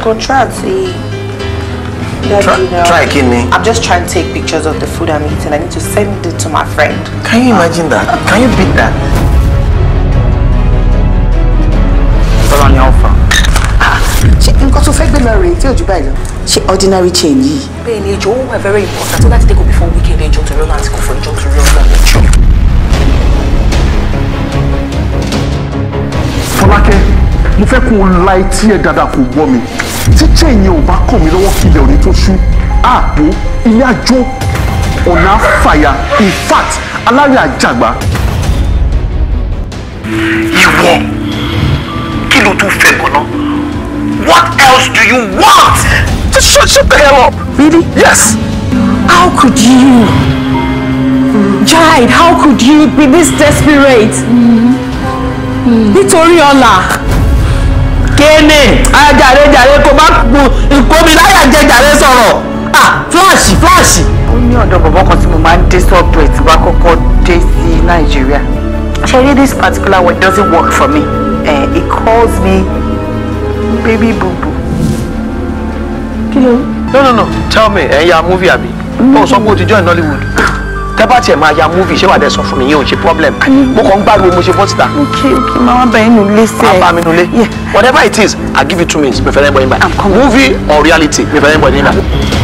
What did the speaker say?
contract Try, you know, try kidney. I'm just trying to take pictures of the food I'm eating. I need to send it to my friend. Can you imagine that? Can you beat that? Tọ́lá ni ọ̀fà. Ṣé nǹkan tó fẹ́ gbé lọ rèé tí ò jù báyìí lọ? ordinary change yìí? Bẹ́ẹ̀ni, ẹjọ́ ó very important. So that's ti dé before weekend ẹjọ́ tó rọ́nà àti kò fún mi. mo fẹ́ kó o la etí ẹ̀ dáadáa kó o mi títí èèyàn ò bá kàn mí lọ́wọ́ kí ilẹ̀ òní tó ṣú àpò ilé àjò ọ̀nà àfàyà in fact alárẹ̀ àjàgbá. ìwọ kí ló tún fẹ́ gan what else do you want. just shut shut the hell up. really yes. how could you. Jide, how could you be this desperate? Mm. Mm. nítorí ọlà kéènì ajàre jàre kò bá gun ìkómi láyà jẹ jàre sọ̀rọ̀ ah fúláṣì fúláṣì. ó ní ọ̀dọ̀ bọ̀bọ̀ kan tí mo máa ń dé sọ́ọ̀bù ẹ̀ tí wàá kọ́kọ́ dé sí nàìjíríà ṣe this particular word doesn't work for me uh, it calls me baby boo boo. kí ló. no no no tell me ẹ̀yin ya movie àbí. ó sọ pé o ti join Nollywood tẹ́ bá tiẹ̀ máa ya múvì ṣé wà dé sọ fún mi yẹn ò ṣe problem mo kàn ń gbàgbé mo ṣe bọ́ ok ok máa wá bẹ̀rẹ̀ inú ilé sẹ́ẹ̀. máa bá mi nulẹ̀ whatever it is i give you two minutes mi fẹ́rẹ́ bọ̀ yín báyìí movie or reality mi fẹ́rẹ́ bọ̀ yín báyìí.